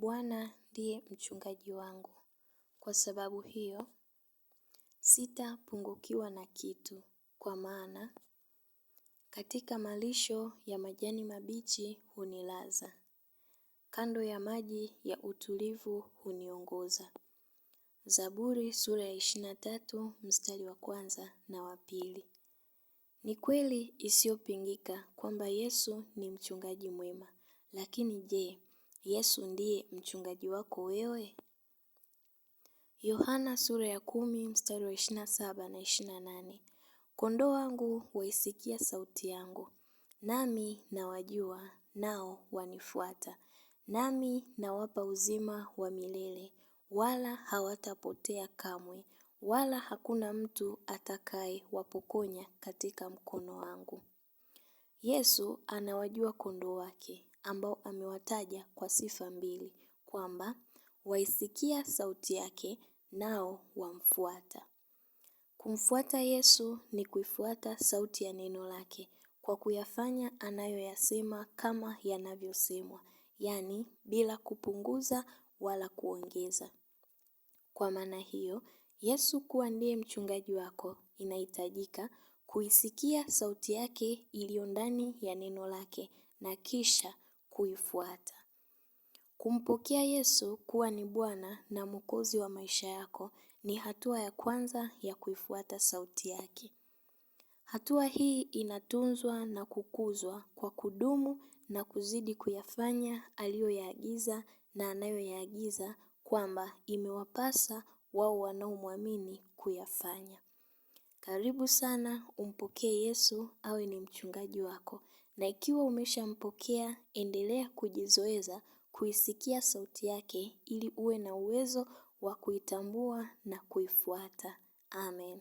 Bwana ndiye mchungaji wangu, kwa sababu hiyo sitapungukiwa na kitu, kwa maana katika malisho ya majani mabichi hunilaza, kando ya maji ya utulivu huniongoza. Zaburi sura ya ishirini na tatu mstari wa kwanza na wa pili. Ni kweli isiyopingika kwamba Yesu ni mchungaji mwema, lakini je, Yesu ndiye mchungaji wako wewe? Yohana sura ya kumi mstari wa ishirini na saba na ishirini na nane. Kondoo wangu waisikia sauti yangu, nami nawajua, nao wanifuata. Nami nawapa uzima wa milele, wala hawatapotea kamwe, wala hakuna mtu atakayewapokonya katika mkono wangu. Yesu anawajua kondoo wake ambao amewataja kwa sifa mbili kwamba waisikia sauti yake nao wamfuata. Kumfuata Yesu ni kuifuata sauti ya neno lake kwa kuyafanya anayoyasema kama yanavyosemwa, yaani bila kupunguza wala kuongeza. Kwa maana hiyo, Yesu kuwa ndiye mchungaji wako inahitajika kuisikia sauti yake iliyo ndani ya neno lake na kisha kuifuata. Kumpokea Yesu kuwa ni Bwana na Mwokozi wa maisha yako ni hatua ya kwanza ya kuifuata sauti yake. Hatua hii inatunzwa na kukuzwa kwa kudumu na kuzidi kuyafanya aliyoyaagiza na anayoyaagiza kwamba imewapasa wao wanaomwamini kuyafanya. Karibu sana umpokee Yesu awe ni mchungaji wako, na ikiwa umeshampokea endelea kujizoeza kuisikia sauti yake ili uwe na uwezo wa kuitambua na kuifuata. Amen.